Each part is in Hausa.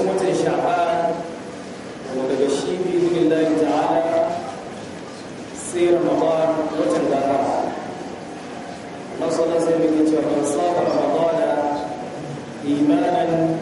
cikin watan sha'ban wanda daga shi bi layi ta'ala sai ramadan watan gaba masu sai muke cewa in saba ramadana imanan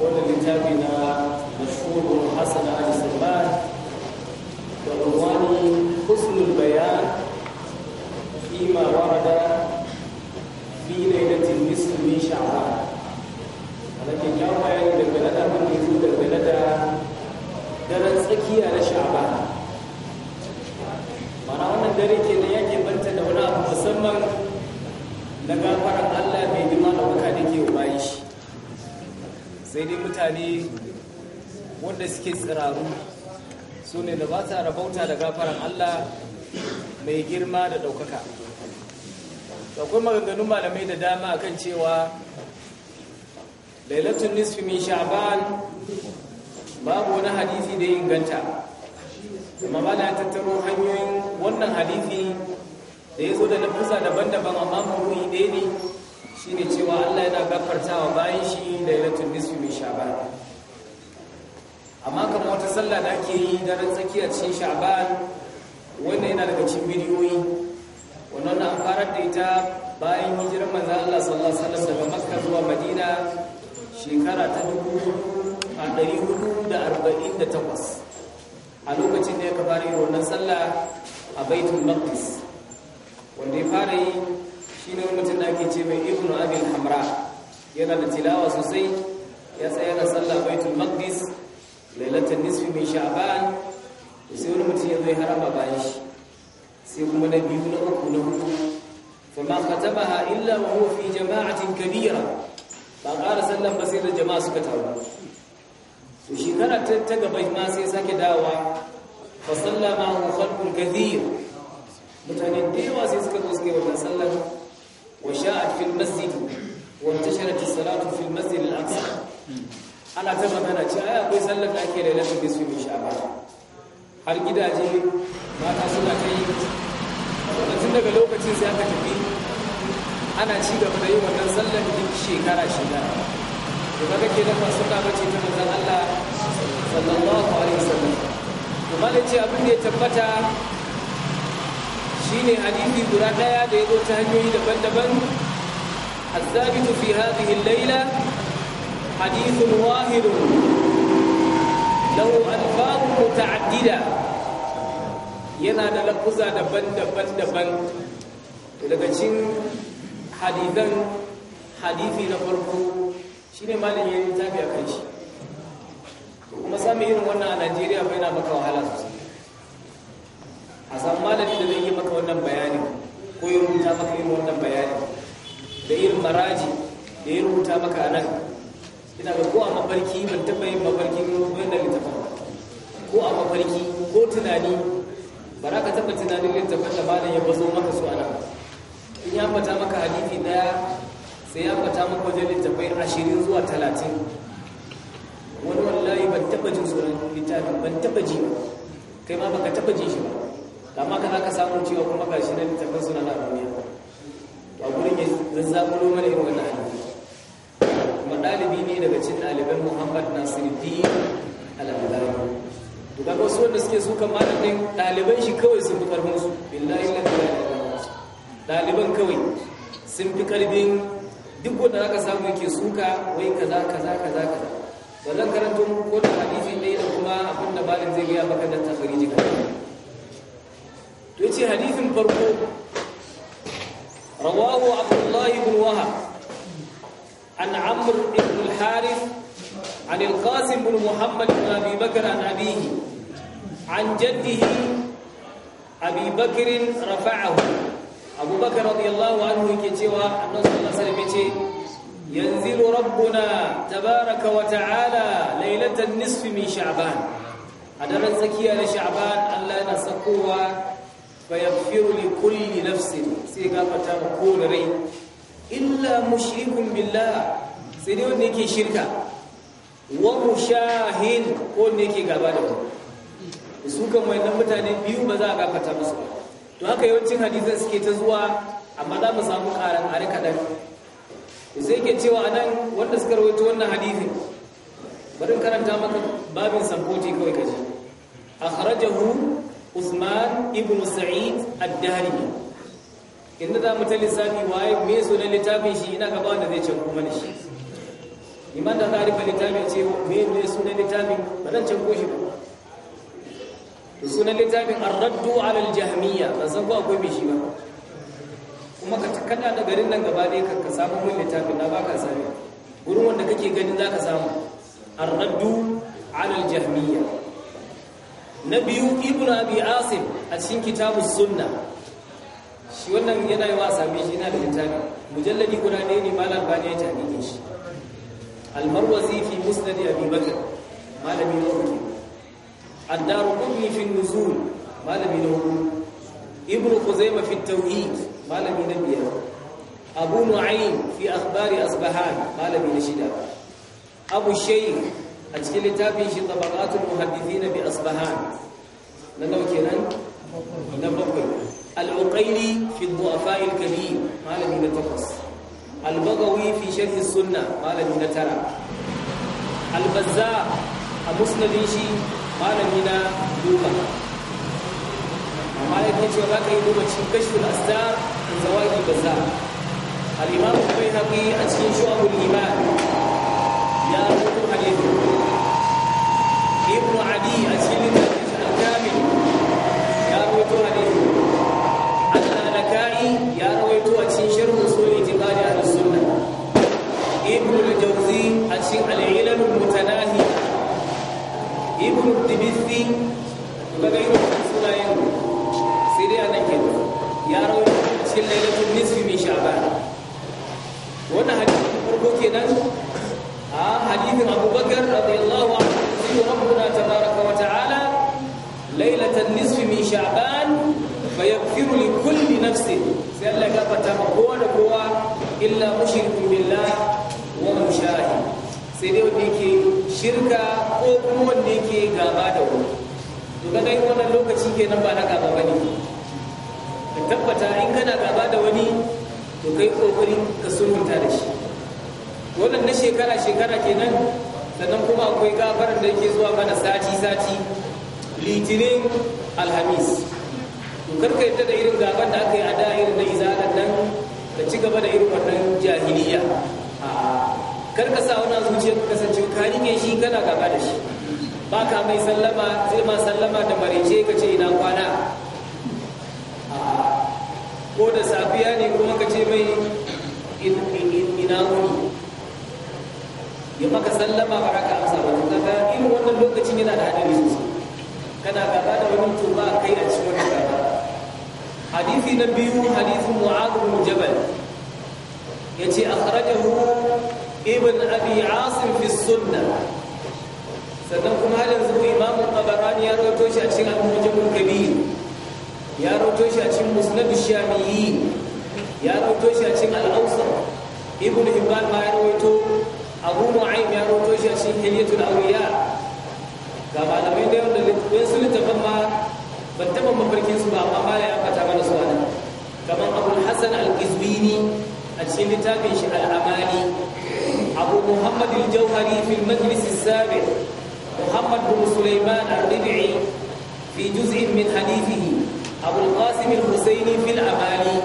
wanda littafi na mashhurun hasan ali salman da unwani husnul bayan fima warada fi lailatin nisfi min sha'ban ana ke kawo bayani dangane da yi da ya zo dangane daren tsakiya na sha'ban mana wannan dare ke da yake banta da wani abu musamman na gafarar Allah bai girma da wuka da ke bayi shi sai dai mutane wanda suke tsiraru su ne da ba sa rabauta da gafaran Allah mai girma da ɗaukaka akwai maganganun malamai da dama kan cewa lailatun nisfi min sha'ban babu wani hadisi da inganta amma ba na tattaro hanyoyin wannan hadisi da ya zo da nufusa daban-daban amma mawuri ɗaya ne ne cewa Allah yana gafartawa bayan shi da lailatul nisfi mai sha'ban amma kamar wata sallah da ake yi daren tsakiyar cikin sha'ban wanda yana daga cikin bidiyoyi wannan na farar da ita bayan hijirar manzo Allah sallallahu alaihi wasallam daga Makka zuwa Madina shekara ta dubu a lokacin da ya yi wannan sallah a Baitul Maqdis wanda ya fara yi shi ne mutum da ake ce mai ibnu abin hamra yana da tilawa sosai ya tsaya na sallah baitul maqdis lailatul nisfi min sha'ban sai wani mutum ya zo ya harama bayan shi sai kuma na biyu na uku na hudu fa ma khatamaha illa wa huwa fi jama'atin kabira ba ƙara sallan ba sai da jama'a suka taru to shekara ta gaba ma sai sake dawowa fa sallama hu khalqun kathir mutane da yawa sai suka zo suka yi wannan sallan وشاءت في المسجد وانتشرت الصلاة في المسجد الأقصى أنا تمام أنا جاء أقول صلى الله عليه ليلة النصف من شعبان har gidaje ta suna ta yi tun daga lokacin sai aka tafi ana ci gaba da yin wannan sallar duk shekara shekara to kaga ke da masu kama ce ta manzon Allah sallallahu alaihi wasallam to malai ce abin da ya tabbata shine hadisi guda daya da ya zo ta hanyoyi daban-daban الثابت في هذه الليلة حديث واحد له ألفاظ متعددة yana da lafuza daban-daban-daban daga cikin hadisan hadisi na farko shine malam ya yi a kai shi kuma sami irin wannan a Najeriya bai na maka wahala sosai a san malami da zai yi maka wannan bayani ko yi rubuta maka irin wannan bayani da irin maraji da yi rubuta maka nan ina ga ko a mafarki ban taɓa yin mafarki mafarkin wannan littafin ko a mafarki ko tunani ba za ka taba tunanin littafin da malam ya bazo maka su a nan in ya fata maka hadisi daya sai ya fata maka wajen littafai ashirin zuwa talatin wani wallahi ban taɓa jin sunan littafin ban taɓa ji kai ma baka taɓa ji shi ba amma ka za ka samu cewa kuma ga shi na littafin suna na duniya a gurin ya zazzaɓo mana irin wannan hadisi kuma ɗalibi ne daga cikin ɗaliban muhammad nasiruddin al-albani to kaga wasu wanda suke suka malamin ɗaliban shi kawai sun fi karfin su billahi la ilaha illallah ɗaliban kawai sun fi karfin duk wanda zaka samu yake suka wai kaza kaza kaza kaza ba zan karanto muku ko da hadisi ɗaya da kuma abinda malam zai gaya maka da tafsiri jikin Reci hadithin farko Rawahu Abdullah ibn Wahab an Amr ibn al-Harith an al-Qasim ibn Muhammad ibn Abi Bakr an abihi an jaddihi Abi a rafa'ahu Abu Bakr radiyallahu anhu yake cewa Annabi sallallahu alaihi wasallam yanzilu rabbuna tabaraka wa ta'ala laylatan nisfi min sha'ban adaran zakiya na sha'ban Allah yana sakowa فيغفر لكل نفس سيغفرتا كل ري إلا مشرك بالله سيدي ونكي شركة ومشاهد ونكي غبانه su kan wayannan mutane biyu ba za a gafarta musu ba to haka yawancin hadisan suke ta zuwa amma za mu samu karan are kaɗan sai ke cewa anan wanda suka rawaito wannan hadisin bari karanta maka babin samfoti kawai kaji akhrajahu Usman ibn Sa'id ad-Darimi inda za mu ta lissafi waye me sunan littafin shi ina gaba wanda zai ce mana shi Iman da ba littafin ce me me sunan littafin ba zan canko shi ba to sunan littafin ar-raddu ala al-jahmiyya ba san ko akwai bishi ba kuma ka kada da garin nan gaba ɗaya ka samu mun littafin na baka sani gurin wanda kake ganin zaka samu ar-raddu ala al-jahmiyya na biyu ibn abi asim a cikin kitabus sunna shi wannan yana yi wa same shi yana da littafi mujalladi guda ɗaya ne malam bani ya jami'in shi almarwazi fi musnad abi bakr malami na uku ad-darqutni fi nuzul malami na uku ibn khuzaimah fi tauhid malami na biyar abu nu'aym fi akhbari asbahan malami na shida abu shaykh اجلي تابي شي طبقات المحدثين باصبهان لانه كنان نبقي العقيري في الضعفاء الكبير قال ابن تقص البغوي في شرح السنه قال ابن ترى البزاء المسند شي قال ابن دوبا قال ابن شوقا كي دوبا كشف الاسرار من زوائد البزاء الامام البيهقي اجلي شؤم الايمان يا رب الحديث a cikin al'ilalul mutanahi ibn dibithi ga ga irin sunayen sai dai anan ke ya rawaito a cikin lailatul nisfi min sha'ban wannan hadisi farko kenan a hadithin abubakar radiyallahu anhu sai rabbuna tabaraka wa ta'ala lailatul nisfi min sha'ban fayaghfiru li kulli nafsin sai Allah ya ma kowa da kowa illa mushrikun billah wa sai dai wanda yake shirka ko kuma wanda yake gaba da wani to ga in wannan lokaci kenan ba na gaba bane ka tabbata in kana gaba da wani to kai kokari ka sulhunta da shi wannan na shekara shekara kenan sannan kuma akwai gafarar da yake zuwa mana sati sati litinin alhamis to karka yadda da irin gaban da aka yi a da irin na izalar nan ka ci gaba da irin wannan jahiliya a'a kar ka sa wani zuciyar ka kasance ka rike shi kana gaba da shi ba ka mai sallama zai ma sallama da marece ka ce ina kwana ko da safiya ne kuma ka ce mai ina wuni ya maka sallama ba ka amsa ba to kaga irin wannan lokacin yana da hadari sosai kana gaba da wani to ba kai a cikin wani gaba hadisi na biyu hadisin mu'adh mu jabal yace akhrajahu ibn abi asim fi sunna sannan kuma har yanzu imam al-qabarani ya rawaito shi a cikin al-mujamul kabir ya rawaito shi a cikin musnad ash-shamiyyi ya rawaito shi a cikin al-awsat ibn hibban ma ya rawaito abu nu'aym ya rawaito shi a cikin hilyatul awliya ga malamai da yawan da wasu littafan ma ban taɓa mafarkin su ba amma ya fata mana su kamar abul hasan al-qizbini a cikin littafin shi al'amali abu muhammad al-jawhari fi majlis sabi muhammad bin sulaiman al-rib'i fi juz'in min hadithihi abu al-qasim al-husaini fi al-amali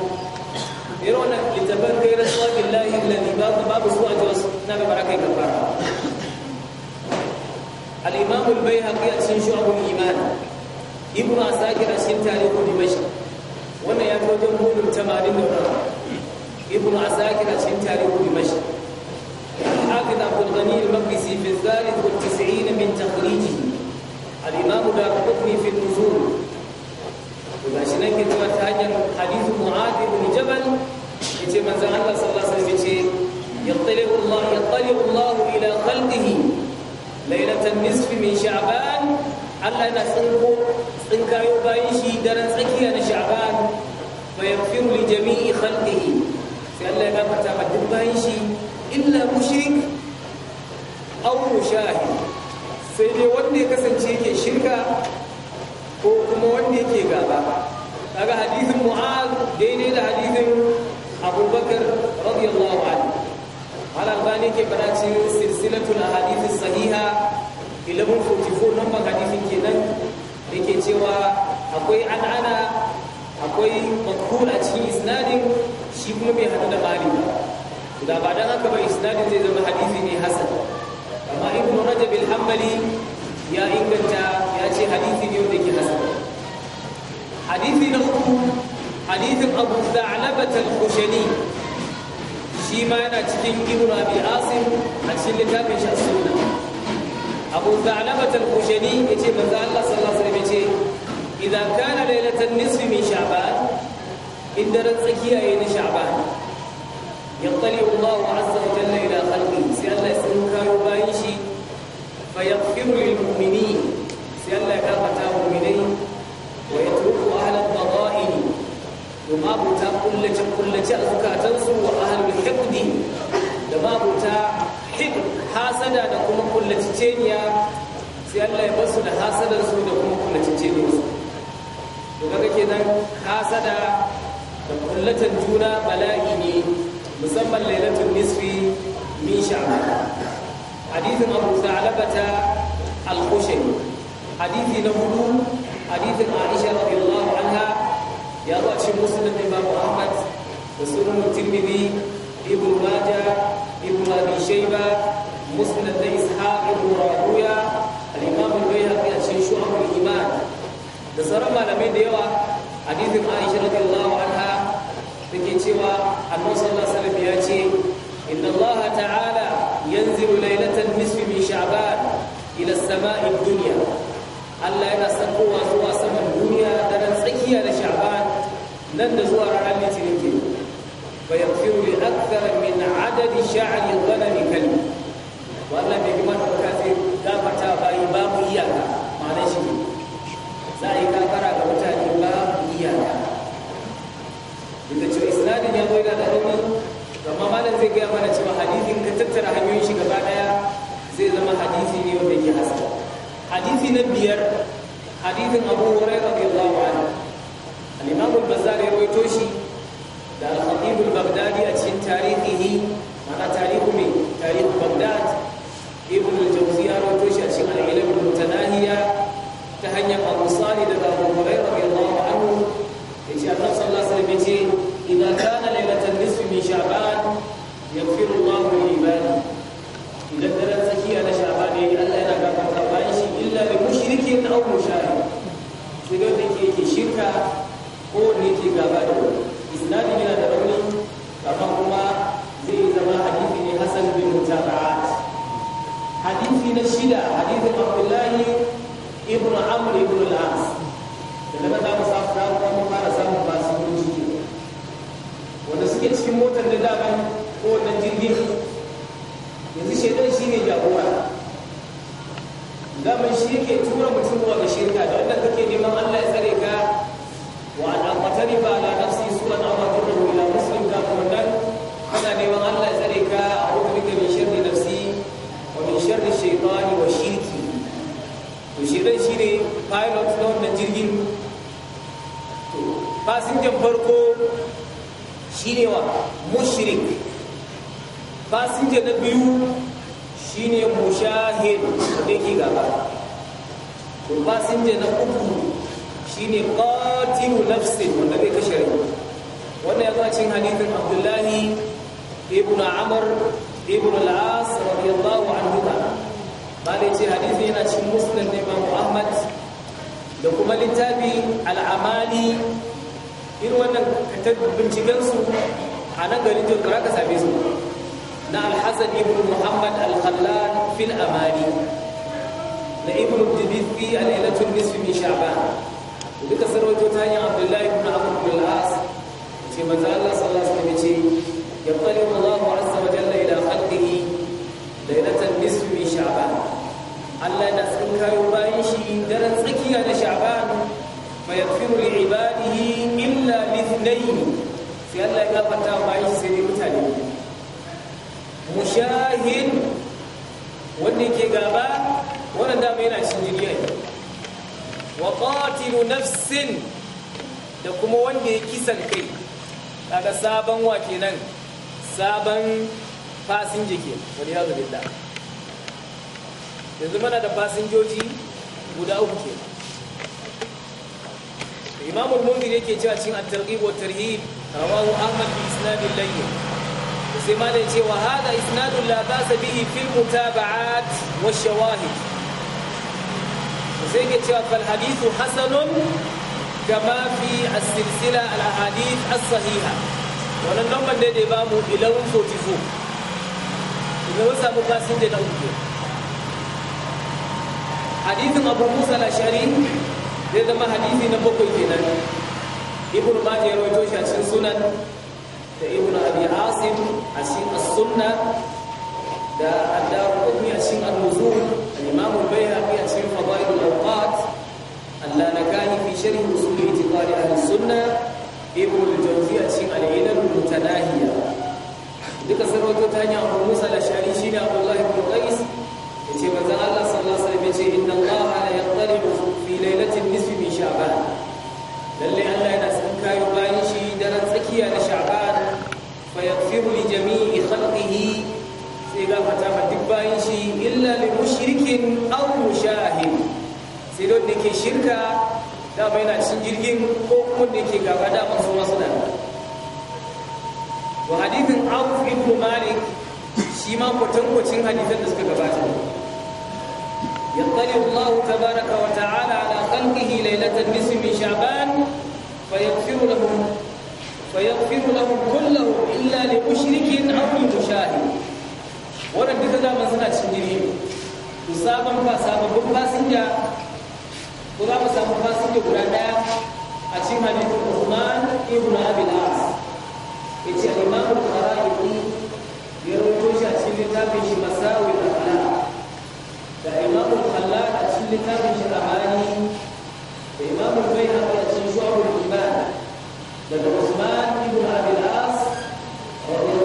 yarona littafin kai rasuwa billahi alladhi babu babu suwa jawas na ga barakai kafara al-imam al-bayhaqi a cikin shu'ab al-iman ibnu asakir a cikin tarihu wannan ya fi wajen gudun 80 ibn asakir a cikin tarihu dimashi hafiz abdul ghani al-maqdisi fi thalith wa tis'in min takhrijihi al-imam darqutni fi an-nuzul gashi nake ke ta hanyar hadith mu'adh ibn jabal yace manzon Allah sallallahu alaihi wasallam yace yattali'u Allah yattali'u Allah ila khalqihi lailatan nisfi min sha'ban Allah yana tsinko tsinkayo bayan shi daren tsakiya na sha'ban fa yaghfiru li jami'i khalqihi Allah na gafarta ma bayan shi illa mushrik aw mushahid sai dai wanda ya kasance yake shirka ko kuma wanda yake gaba kaga hadithin mu'az daidai da hadisin abubakar radiyallahu anhu al albani ke fara cikin silsilatul ahadith sahiha 1144 number hadithin kenan yake cewa akwai an'ana akwai makhul a cikin isnadin shi kuma mai hadu da maliki da ba dan haka ba isnadin zai zama hadisi ne hasan amma ibnu rajab al-hanbali ya inganta ya ce hadisi ne wanda ke hasan hadisi na uku hadisin abu za'labat al-khushani shi ma yana cikin ibnu abi asim a cikin littafin shi sunna abu za'labat al-khushani yace manzo Allah sallallahu alaihi wasallam yace idan kana lailatan nisfi min sha'ban in daren tsakiya ya na sha'ban yaqtali Allah azza wa jalla ila khalqi sai Allah ya san kayo bayin shi fa yaghfiru lil mu'minin sai Allah ya gafarta mu'minai wa yatruku ahla al-fada'in kuma buta kullace kullace a zukatansu wa ahlul hikdi da mabuta hikd hasada da kuma kullace ceniya sai Allah ya basu da hasadar su da kuma kullace ceniyar su to kaga kenan hasada da kullatan juna bala'i ne musamman lailatul nisfi min sha'ban hadithin abu sa'labata al-khushani hadithi na hudu hadithin aisha radiyallahu anha ya zo a cikin muslim imam ahmad da sunan tirmidhi ibn majah ibn abi shayba musnad da ishaq ibn rawiya al-imam al-bayhaqi a cikin shu'ab iman da sauran malamai da yawa hadisin Aisha radiyallahu anha take cewa Annabi sallallahu alaihi ya ce inna Allah ta'ala yanzilu lailatal nisfi min sha'ban ila samai dunya Allah yana sakowa zuwa saman duniya daren tsakiya da sha'ban nan da zuwa ranar litinin ke fa yaghfiru li akthara min adadi sha'ri dhanami kalbi wa Allah gaya mana cewa hadisin ka tattara hanyoyin shi gaba daya zai zama hadisi ne wanda yake hasa hadisi na biyar hadisin Abu Hurairah radiyallahu anhu al-Imam al-Bazzar ya rawaito shi biyu shine mushahid da ke gaba to na uku shine qatilu nafsin wanda zai kashe rai wannan ya zo cikin halittar abdullahi ibn amr ibn al-as ce hadisi yana cikin muslim ne imam Muhammad da kuma littafi al irin wannan ka binciken a nan garin jirgin ka same su na alhassan ibn muhammad al-khallan fil amani na ibn a al'ilatun nisfi min sha'ban duka sarwato ta hanyar abdullahi ibn amr bin al-as ce manzo Allah sallallahu alaihi wasallam ce yaqulu Allah azza wa jalla ila khalqihi lailatan nisfi min sha'ban Allah na tsinkayo bayan shi daren tsakiya na sha'ban fa yaghfiru li ibadihi illa bi ithnayn sai Allah ya gafarta bayan shi sai mutane mushahin wanda ke gaba wannan dama yana cikin jirgin wa qatilu nafsin da kuma wanda ya kisan kai kaga sabon wa kenan sabon fasinja ke wani yazo billah yanzu mana da fasinjoji guda uku ke imamul munzir yake cewa cikin at-targhib wa tarhib rawahu ahmad bi isnadil layyin sai ma ce wa hada isnadun la ba sa bihi fil mutaba'at wa shawahid sai ke cewa fal hadithu hasanun kama fi as-silsila al ahadith as-sahiha wannan lambar da ba mu 1144 idan mun samu kasin da uku hadithin abu musa al-ashari zai zama hadithi na bakwai kenan ibnu majah ya rawaito shi a cikin sunan da ibn abi asim a cikin as-sunna da ad-darqutni a cikin al-nuzul al-imam al-bayhaqi a cikin fadail al-awqat al-lanakani fi sharh usul i'tiqad al-sunna ibn al-jawzi a cikin al-ilal al-mutanahiya duka sarwato ta hanyar abu musa al-ashari shine abdullahi ibn qais yace manzon Allah sallallahu alaihi wasallam yace inna Allah la yaqtaribu fi lailatin nisfi min sha'ban ubangiji ya gafarta ma duk bayan shi illa li shirkin aw mushahid sai don da ke shirka da bai na cikin jirgin ko kuma da ke gaba damar suna suna wa hadithin Auf ibn Malik shi ma kwatankwacin hadithan da suka gabata يطلع الله تبارك وتعالى على خلقه ليلة النصف من شعبان فيغفر لهم فيغفر لهم illa إلا لمشرك أو لمشاهد wannan duka zaman suna cikin jirgi ku sabon ba sababbin fasinja ku za mu samu fasinja guda daya a cikin hadisin Usman ibn Abi al-As yace imam al-Qara'ini ya rawaito shi a cikin littafin shi Masawi al-Akhlaq da Imam al-Khallal a cikin littafin shi Rahani da Imam al-Baihaqi a cikin Shu'ab al-Iman daga Usman ibn Abi al-As radiyallahu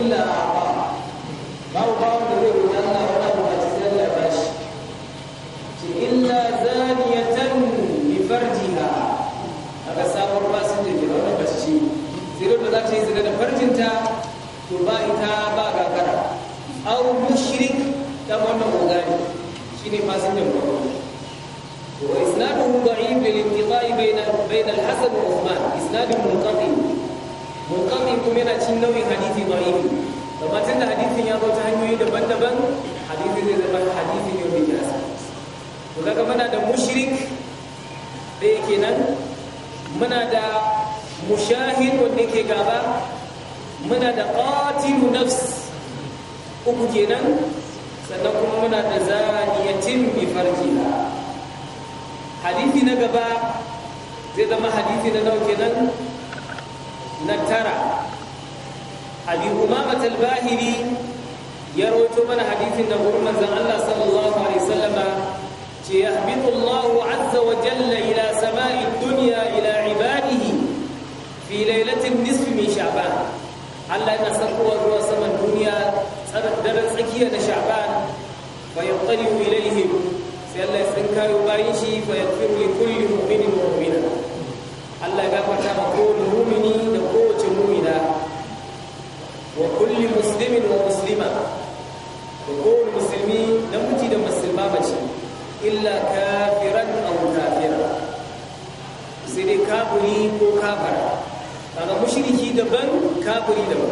ban kafiri da ba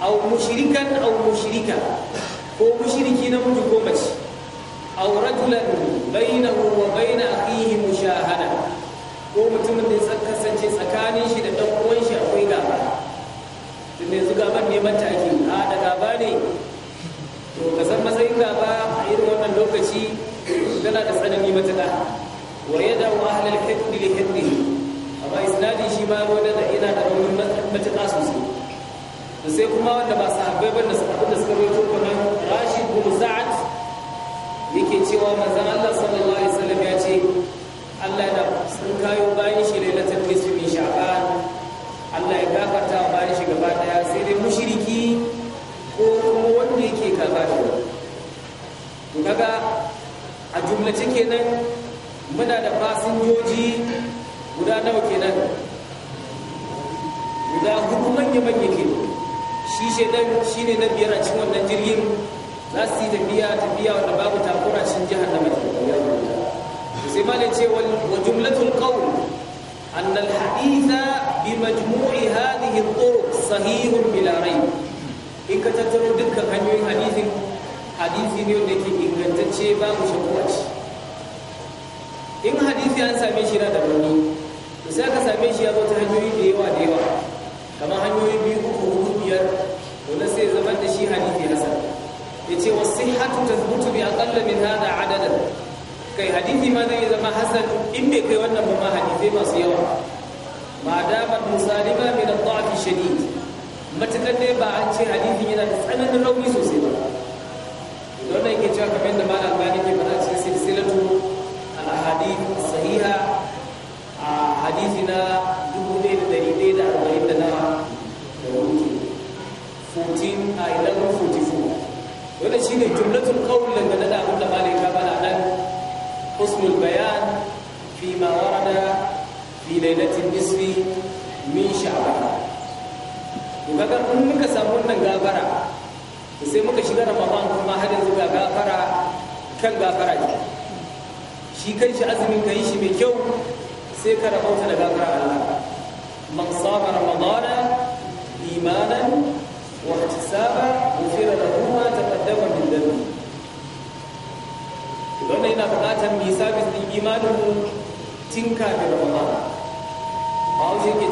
aw mushrikan aw mushrika ko mushriki na mutu ko mace aw rajulan bainahu wa bain akhihi mushahada ko mutumin da ya kasance tsakanin shi da dan uwan shi akwai gaba tun zuga ban neman take a da gaba ne to ka san matsayin gaba a irin wannan lokaci tana da tsanani matuƙa wa yadda wa ahlal li hikmihi amma isnadi shi ma ruwa da ina da raunin matuƙa sosai da sai kuma wanda ba su haɓe ba da abinda suka tuka kamar rashid bin sa'ad yake cewa mazan Allah sallallahu alaihi wasallam ya ce Allah ya sun kayo bayan shi ta nisfi min sha'ban Allah ya gafarta bayan shi gaba daya sai dai mushriki ko kuma wanda yake kaza da wani kaga a jumlace kenan muna da fasinjoji guda nawa kenan guda hudu manya-manya ke shi shaidan shi ne na biyar a cikin wannan jirgin za su yi tafiya tafiya wanda babu takura cikin jihar na mai. sai ma da ce wa jumlatul qawl an al haditha bi majmu'i hadhihi al-turuq sahihun bila rayb in ka tattaro dukkan hanyoyin hadisin hadisi ne wanda yake ingantacce babu shakku a in hadisi an same shi na da rauni same shi ya zo ta hanyoyi da yawa da yawa kamar hanyoyi biyu uku hudu biyar to na sai zaman da shi hadisi hasan yace wasihhatu tathbutu bi aqall min hada adadan kai hadisi ma zai zama hasan in bai kai wannan ba ma masu yawa ma dama musalima min at-ta'ati shadid matakan dai ba a ce hadisi yana da tsananin rauni sosai ba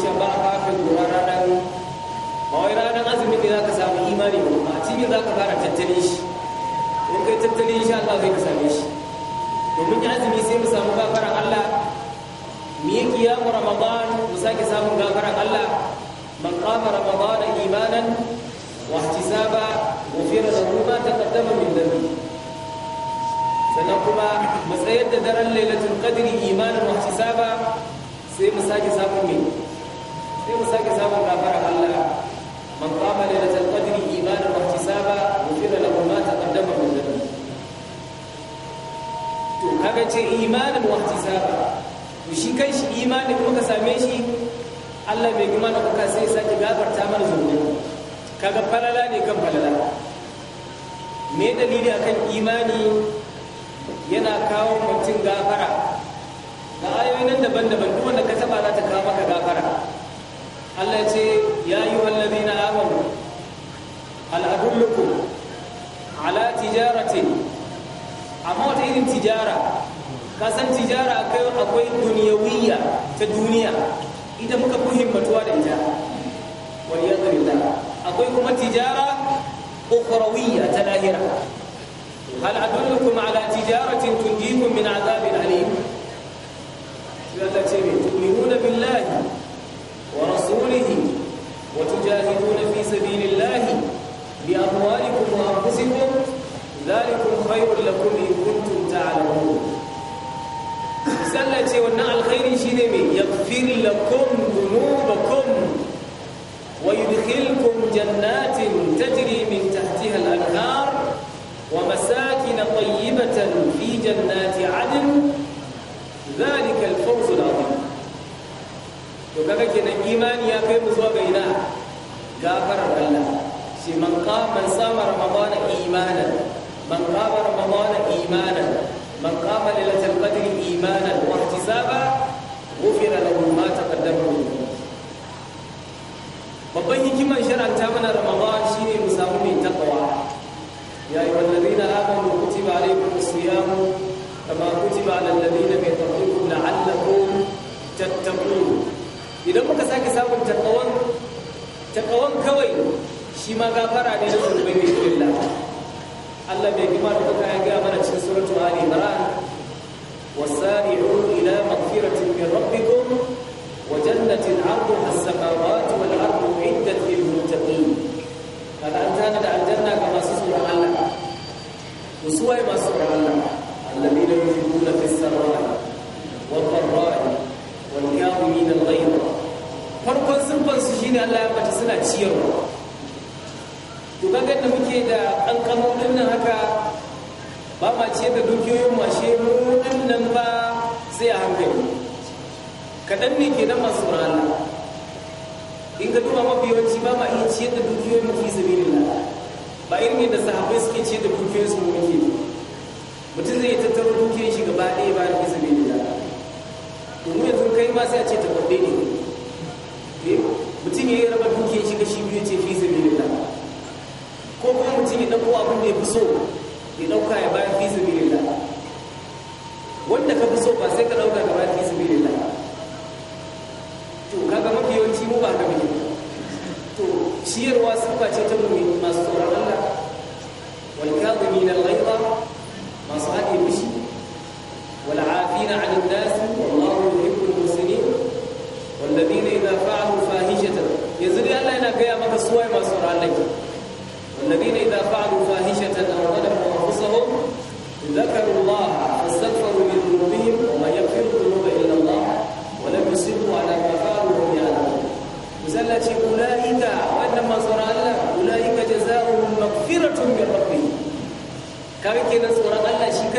zuciya ba a fara gora ranar ba ranar azumin ne za ka samu imani ba a cikin za ka fara tattalin shi in kai tattalin shi Allah zai ka same shi domin azumi sai mu samu gafaran Allah mu yi kiyamu ramadan mu sake samun gafaran Allah man qama ramadan imanan wa ihtisaba ghufira lahu ma taqaddama min dhanbi sannan kuma mu tsayar da daren lailatul qadri imanan wa ihtisaba sai mu sake samun mai sai mu sake samun gafara Allah man qama lailatul qadri imanan wa ihtisaba ghufira lahu ma taqaddama min dhanbi to kaga ce imanin wa ihtisaba to shi kai shi imanin kuma ka same shi Allah bai gima da kuka sai sake gafarta mana zunubi kaga falala ne kan falala me dalili akan imani yana kawo mutum gafara da ayoyi nan daban-daban duk wanda ka taba za ta kawo maka gafara Allah ce ya yi wallazi na amanu al'adullukum ala tijarati amma wata irin tijara kasan tijara akwai duniyawiyya ta duniya ita muka fi himmatuwa da ita waliyar akwai kuma tijara ukhrawiyya ta lahira hal adullukum ala tijaratin tunjikum min azabin alim سبيل الله بأموالكم وأنفسكم ذلكم خير لكم إن كنتم تعلمون سألتي ونع الخير شنمي يغفر لكم ذنوبكم ويدخلكم جنات تجري من تحتها الأنهار ومساكن طيبة في جنات عدن ذلك الفوز العظيم وكذا كان إيمان يا كيف زوغينا sai man man sama ramadana imanan man qama ramadana imanan man qama lailatul qadri imanan wa ihtisaba ghufira lahu ma taqaddama babban hikiman hikimar ta mana ramadan shine mu samu mai takawa ya ayyuhallazina amanu kutiba alaykumus siyamu kama kutiba alal ladina min qablikum la'allakum tattaqun idan muka sake samun takawan takawan kawai shi ma gafara ne na zunubai bi Allah Allah bai ce da dukiyoyin mashe mu nan ba sai a hankali kaɗan ne ke nan masu rana in ka duba mafi yawanci ba ma iya ce da dukiyoyin mu fi na ba irin yadda sahabai suke ce da dukiyoyin su muke mutum zai tattaro dukiyoyin shi gaba ɗaya ba da fi na domin yanzu kai ma sai a ce kwaɗe ne eh, mutum ya yi raba dukiyoyin shi ga shi biyu ce fi na ko kuma mutum ya ɗauko abin da ya fi so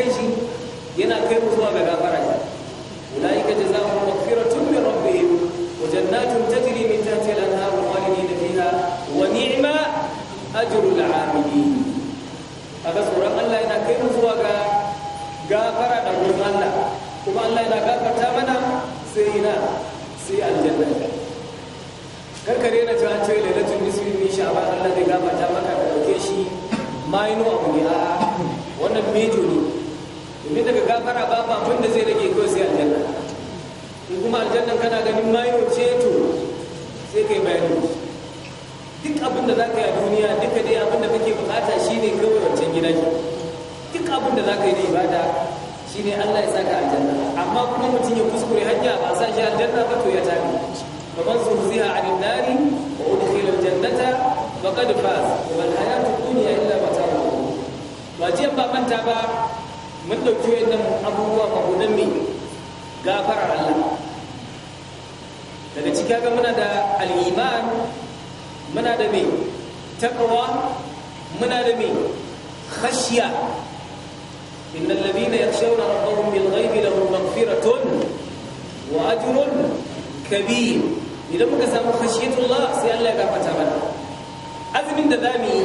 shi yana kai mu zuwa ga gafara ne ka jazahu maghfiratun min rabbihim wa jannatun tajri min tahtiha al-anhar khalidina fiha wa ni'ma ajrul 'amilin kaga tsoron Allah yana kai mu zuwa ga gafara da gurin Allah kuma Allah yana gafarta mana sai ina sai aljanna karkare na cewa ce lailatul nisfi min sha'ban Allah zai gafarta maka da dauke shi ma yi nuwa mu ne a'a wannan mejo ne ne daga gafara ba ba abin da zai rage ko sai aljanna in kuma aljannan kana ganin mayo ce to sai kai bayani duk abin da zaka yi a duniya duka dai abin da kake bukata shine kawai wancan gidan duk abin da zaka yi da ibada shine Allah ya saka aljanna amma kuma mutum ya kuskure hanya ba sa shi aljanna ba to ya tafi faman zuhziha 'anil nari wa udkhila aljannata faqad faz wal hayatu dunya illa mata'u ba jiya ba manta ba mun ɗauki wayannan abubuwa magudan mai gafarar Allah daga ciki ga muna da al'iman muna da mai taqwa muna da mai khashiya innal ladina yakhshawna rabbahum bil ghaibi lahum maghfiratun wa ajrun kabir idan muka samu khashiyatullah sai Allah ya gafarta mana azumin da za mu yi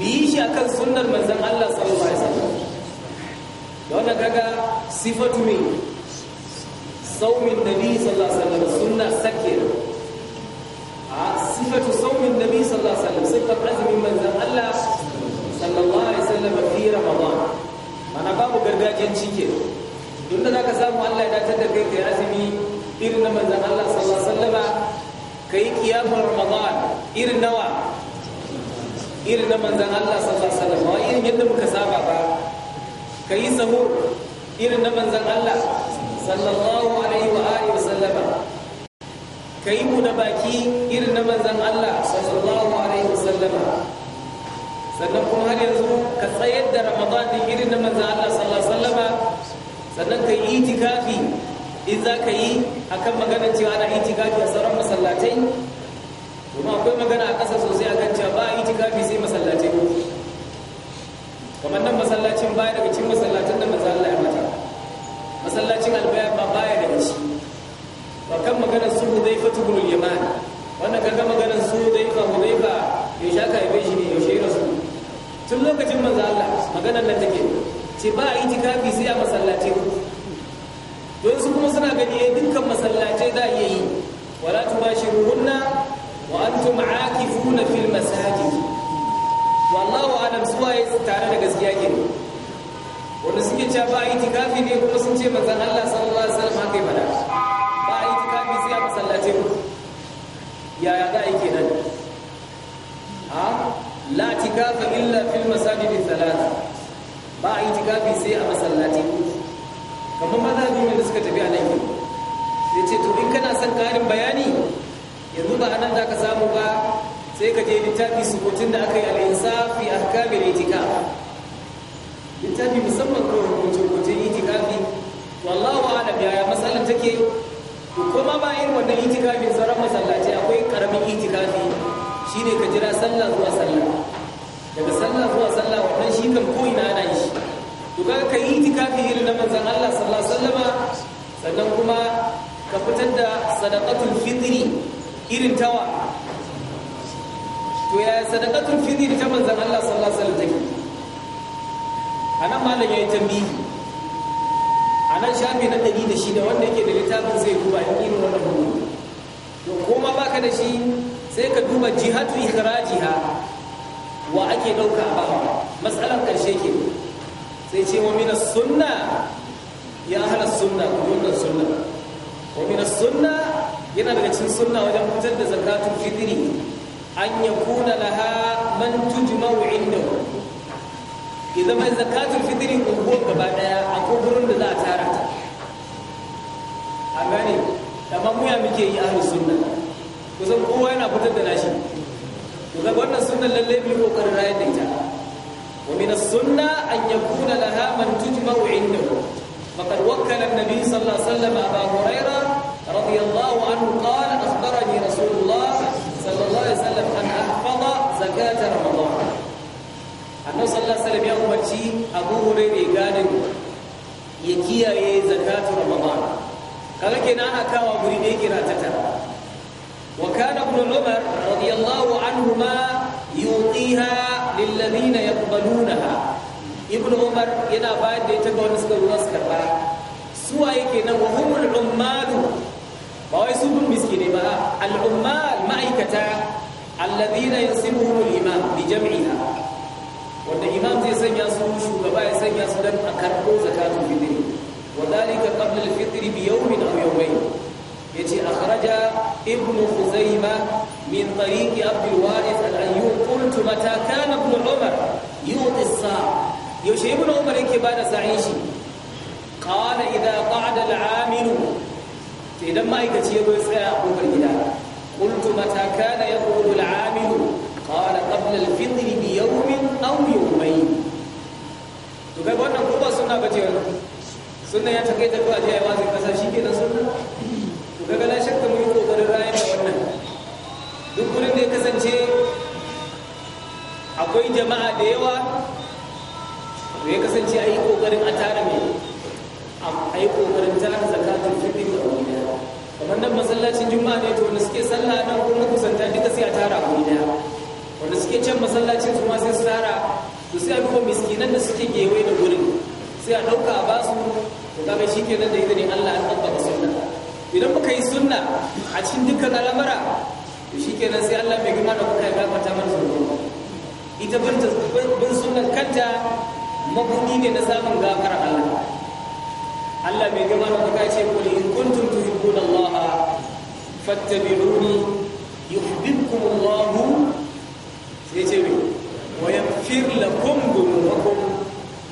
mu yi shi a akan sunnar manzon Allah sallallahu alaihi wasallam da wannan kaga sifatu min saumin nabi sallallahu alaihi wasallam sunna sakir a sifatu saumin nabi sallallahu alaihi wasallam sifatu azumin manzan Allah sallallahu alaihi wasallam fi ramadan mana babu gargajiyanci cike. Duk da zaka samu Allah ya datar da kai kai azumi irin na manzan Allah sallallahu alaihi wasallam kai kiyamar ramadan irin nawa irin na manzan Allah sallallahu alaihi wasallam irin yadda muka saba ba ka yi sahur irin na manzan Allah sallallahu alaihi wa alihi wa sallama ka yi mu da baki irin na manzan Allah sallallahu alaihi wa sallama sannan kuma har yanzu ka tsayar da Ramadan din irin na manzan Allah sallallahu alaihi wa sallama sannan ka yi itikafi in za ka yi akan maganar cewa ana itikafi a sauran masallatai kuma akwai magana a ƙasa sosai akan cewa ba itikafi sai masallatai kamar masallacin baya daga cikin masallacin da manzo Allah ya mata masallacin albaya ba baya daga shi ba kan maganar su zai ibn al-Yaman wannan kaga maganar su Hudayfa Hudayfa ya shaka ya shi ne ya shi rasu tun lokacin manzo Allah maganar nan take ce ba itikafi sai a masallacin don su kuma suna gani yayin eh, dukkan masallacai da a yi wala tubashiruhunna wa antum aakifuna fil masajid tare da gaskiya ke wanda suke cewa ba tikafi ne kuma sun ce manzan Allah sallallahu alaihi wasallam haka bada ba tikafi sai a masallace ku yaya za a yi kenan ha la tikafa illa fil masajid thalath ba tikafi sai a masallace kamar mazhabi ne da suka tafi a nan sai ce to in kana son karin bayani yanzu ba anan ka samu ba sai ka je littafi sukutun da aka yi al'insafi a kamin itika littafi musamman kawai rubuce-rubucen itikafi wallahu ana yaya matsalar take kuma ba irin wannan fi sauran masallaci akwai karamin Shi ne ka jira sallah zuwa sallah daga sallah zuwa sallah wannan shi kan koyi na ana yi to ka yi fi irin na manzan Allah sallallahu alaihi wasallama sannan kuma ka fitar da sadaqatul fitri irin tawa to ya sadaqatul fidr ta manzon Allah sallallahu alaihi wasallam take anan malam yayi tambihi anan shafi na 106 wanda yake da littafin sai duba in irin wannan hukunci to koma baka da shi sai ka duba jihatu ikhrajiha wa ake dauka a bawa matsalar karshe ke sai ce wa minas sunna ya ahlas sunna ku sunna wa minas sunna yana daga cikin sunna wajen fitar da zakatul fitri an yakuna laha man tujma'u indahu ya zama zakatul fitri unguwar gaba daya a gurin da za a tara ta a gane amma muya muke yi ahlus sunna kusan kowa yana fitar da nashi kusan wannan sunnan lalle mu kokarin rayar da ita wa min as-sunna an yakuna laha man tujma'u indahu faqad wakkala an-nabi sallallahu alaihi wasallam aba hurairah radiyallahu anhu qala akhbara zakata ramadan annabi sallallahu alaihi wasallam ya umarci abu hurairah gadin ya kiyaye zakatu ramadan kaga kenan ana kawa guri da yake ratata wa kana ibn umar radiyallahu anhuma yuqiha lil ladina yaqbalunaha ibn umar yana bayar da ita ga wanda suka ruwa suka ba suwa yake nan wa humul ummalu ba wai su bin miskine ba al ummal ma'aikata alladhina yansibuhum al-imam bi jam'ina wanda imam zai sanya su shugaba ya sanya su dan a karbo zakatul fitr wadalika qabla al-fitr bi yawmin aw yawayn yace akhraja ibnu khuzaima min tariq abd al-warith al-ayyub qult mata kana ibn umar yuti as-sa' yace ibn umar yake bada sa'ishi qala idha qa'ada al-amilu idan ma'aikaci ya ya tsaya a kofar gida قلت متى كان يقول العامل قال قبل الفطر بيوم او يومين to kai wannan kuma sunna bace wannan ya take ta kuwa ya wazi kasa shike da sunna to kaga la shakka mu yi kokarin rayu da wannan duk gurin da ya kasance akwai jama'a da yawa to ya kasance ayi kokarin a wannan masallacin juma'a ne to wanda suke sallah nan kuma kusanta duka sai a tara a daya wanda suke can masallacin su ma sai su tara to sai a ko miskinan da suke gewe da gurin sai a ɗauka a basu to kaga shi nan da idan Allah an tabbata sunna idan muka yi sunna a cikin dukkan alamara, to shi nan sai Allah bai gina da kuka ta mana zunubi ita bin sunan kanta mabudi ne na samun gafara Allah Allah bai gama da kuka ce kul in kuntum tuhibbuna Allah fattabi'uni yuhibbukum Allah sai ce me wa yaghfir lakum dhunubakum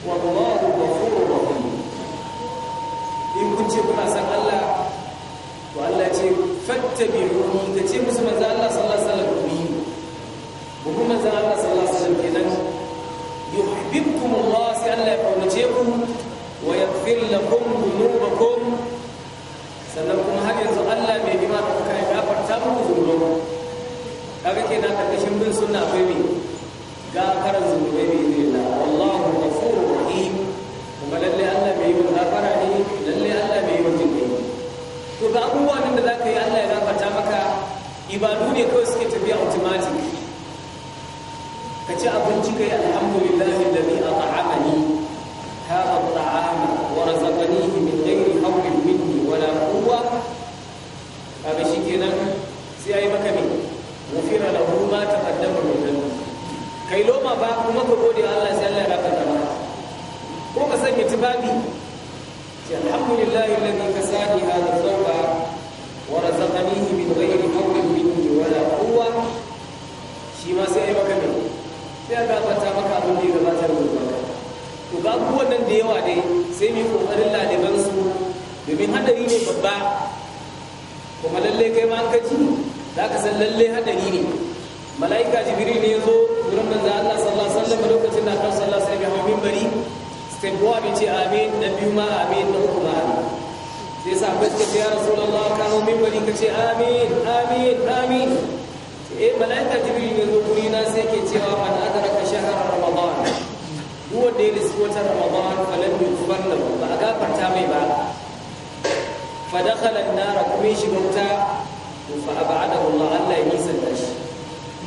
wallahu ghafurur rahim in kun ce kuna san Allah to Allah ce fattabi'uni kace musu manzo Allah 孙的闺蜜。tughfar lahu ba a gafarta mai ba fa dakhala an-nar kuma shi bauta to fa ab'adahu Allah Allah ya nisanta shi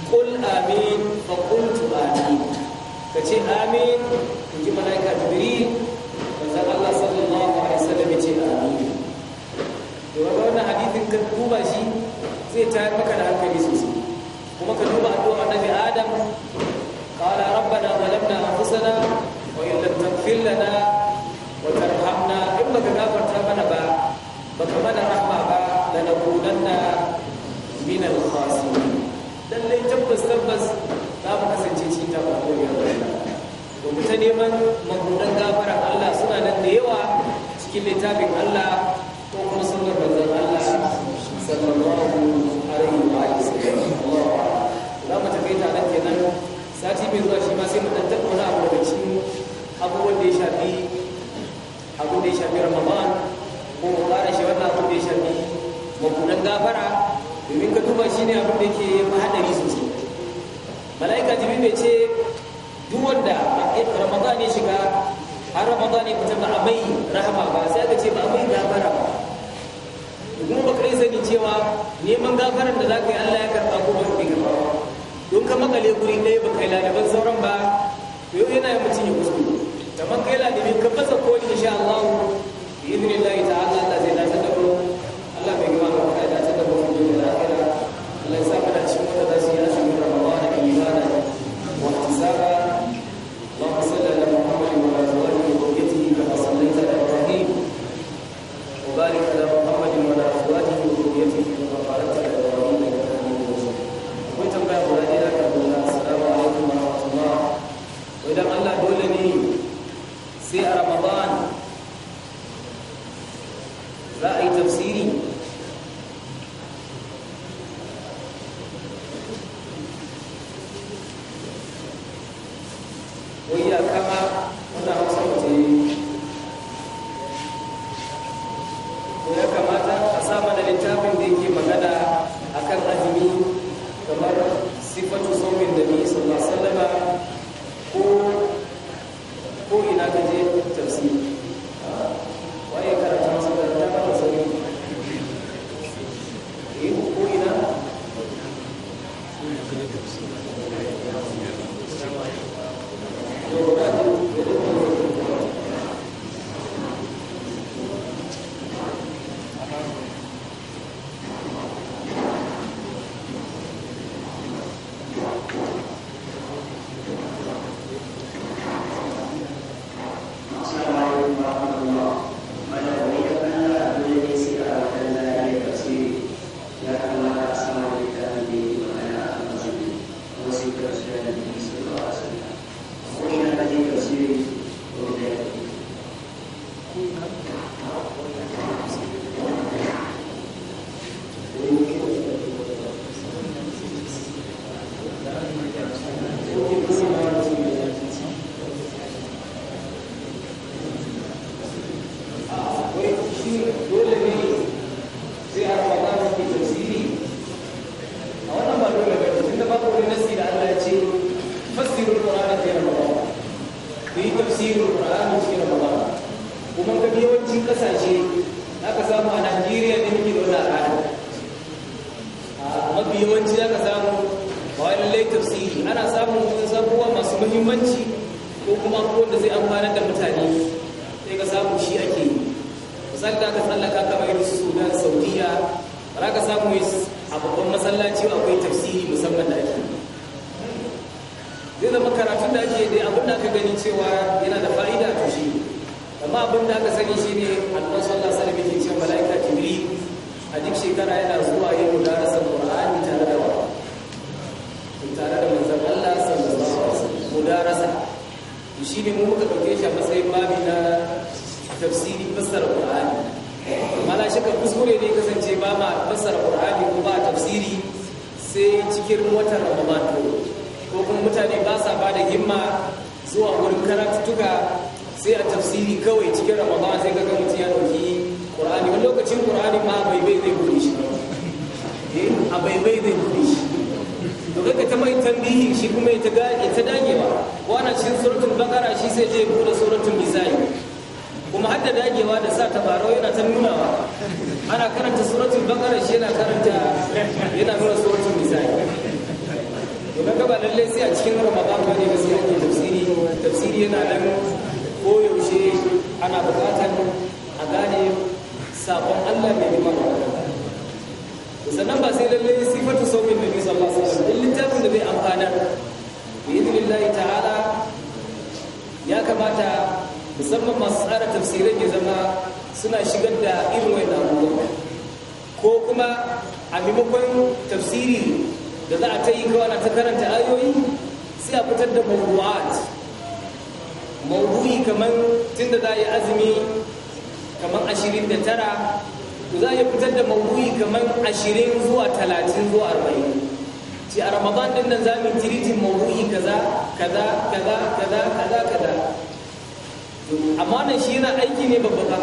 qul amin fa qultu amin kace amin in ji malaika jibril manzon Allah sallallahu alaihi wasallam ya ce amin to wannan hadithin kan duba shi zai tayar maka da hankali sosai kuma ka duba addu'a annabi Adam قال ربنا ظلمنا انفسنا وان لم تغفر لنا wa tarhamna in baka gafarta mana ba baka mana ba lanakunanna min al tabbas tabbas za mu kasance cikin ta neman magudan gafarar Allah suna nan da yawa cikin littafin Allah ko kuma Allah ta nan sati mai zuwa shi ma sai mu dan tattauna a cikin abubuwan da ya shafi abin da ya shafi ramadan ko fara shi wannan abin da ya shafi makunan gafara domin ka duba shi ne abin da ke mahaɗari sosai mala'ika jibi bai ce duk wanda ramadan ya shiga har ramadan ya fita ba a mai rahama ba sai aka ce ba a mai gafara ba kuma ba kai sani cewa neman gafaran da za ka yi allah ya karɓa ko ba ka karɓa don ka makale guri ɗaya ba kai lalaban sauran ba yau yana yi da ka fasa koli insha Allah bi to shi ne mu muka ɗauke shi a matsayin babi na tafsiri fassara ƙur'ani mana shi ka kuskure ne kasance ba ma fassara ƙur'ani ko ba tafsiri sai cikin watan ramadan ko kuma mutane ba sa ba da himma zuwa wurin karatuttuka sai a tafsiri kawai cikin ramadan sai kaga mutum ya ɗauki, qur'ani wani lokacin qur'ani ma bai bai zai bude shi eh a bai bai zai bude shi daga ta mai tambihi shi kuma ya ta dagewa wannan cikin suratul bakara shi sai je buɗe suratul nisa'i kuma hadda dagewa da sa tabarau yana ta nunawa ana karanta suratul bakara shi yana karanta yana nuna suratul nisa'i to kaga ba lalle sai a cikin ramadan ba ne gaskiya ke tafsiri tafsiri yana nan ko yaushe ana buƙatar a gane sabon Allah mai liman sannan ba sai lallai sifatu saumin nabi sallallahu alaihi wasallam din littafin da zai amfana bi idnillahi ta'ala ya kamata musamman masu tsara tafsirai ya zama suna shigar da irin wannan abubuwa ko kuma a maimakon tafsiri da za a ta yi na ta karanta ayoyi sai a fitar da mawdu'at mawdu'i kaman da za a yi azumi kaman ashirin da tara to za a iya fitar da maudu'i kamar ashirin zuwa talatin zuwa arba'in ce a ramadan din nan za mu tiritin maudu'i kaza kaza kaza kaza kaza kaza amma nan shi yana aiki ne babba ba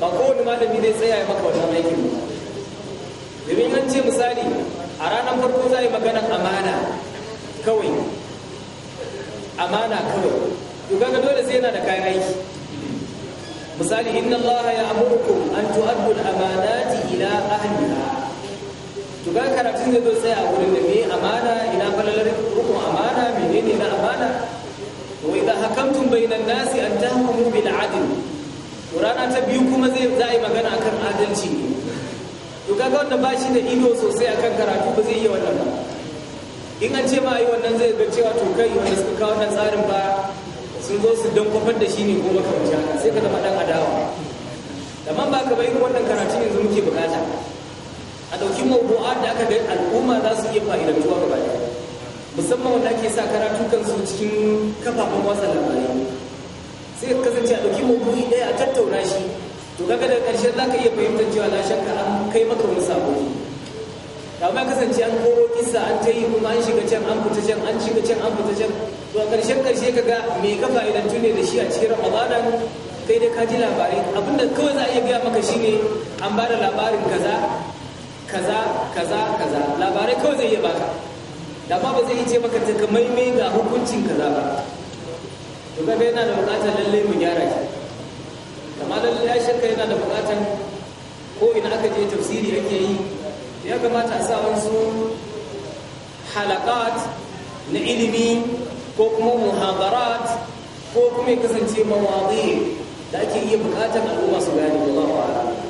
ba kowane malami zai tsaya ya maka wannan aikin ba domin an ce misali a ranar farko za a yi maganar amana kawai amana kawai to kaga dole sai yana da kayan aiki misali inna allaha ya'murukum an tu'addu al-amanati ila ahliha to ga karatun zai zo tsaya a wurin da me amana ina falalar hukum amana menene na amana wa idha hakamtum bainan nasi an tahkumu bil adl rana ta biyu kuma zai za yi magana akan adalci ne to kaga wanda ba shi da ido sosai akan karatu ba zai iya wannan ba in an ce ma yi wannan zai ga cewa to kai wanda suka kawo wannan tsarin ba sun zo su don kwafar da shi ne ko makamci haka sai ka zama dan adawa Da man ba ka bayin wannan karatun yanzu muke bukata a dauki mawdu'a da aka ga al'umma za su iya fa'idantuwa gaba ɗaya musamman wanda ake sa karatu kansu cikin kafafen watsa labarai sai ka kasance a dauki mawdu'i ɗaya a tattauna shi to kaga daga ƙarshe za ka iya fahimtar cewa na shakka an kai maka wani sabo da ma kasance an koro kisa an ta yi kuma an shiga can an fita can an shiga can an fita can to a ƙarshen ƙarshe ka ga me ka fa'idantu ne da shi a cikin ramadanan kai dai ka ji labarai abinda kawai za a iya gaya maka shine an ba da labarin kaza kaza kaza kaza labarai kawai zai iya baka da ba zai iya ce maka takamaimai ga hukuncin kaza ba to kaga yana da bukatar lalle mu gyara shi kamar lalle ya shirka yana da buƙatar ko ina aka je tafsiri ake yi ya kamata a sa wasu halakat na ilimi ko kuma muhabarat ko kuma kasance mawaɗi da ake iya bukatar al'umma su gani wallahu ba'a.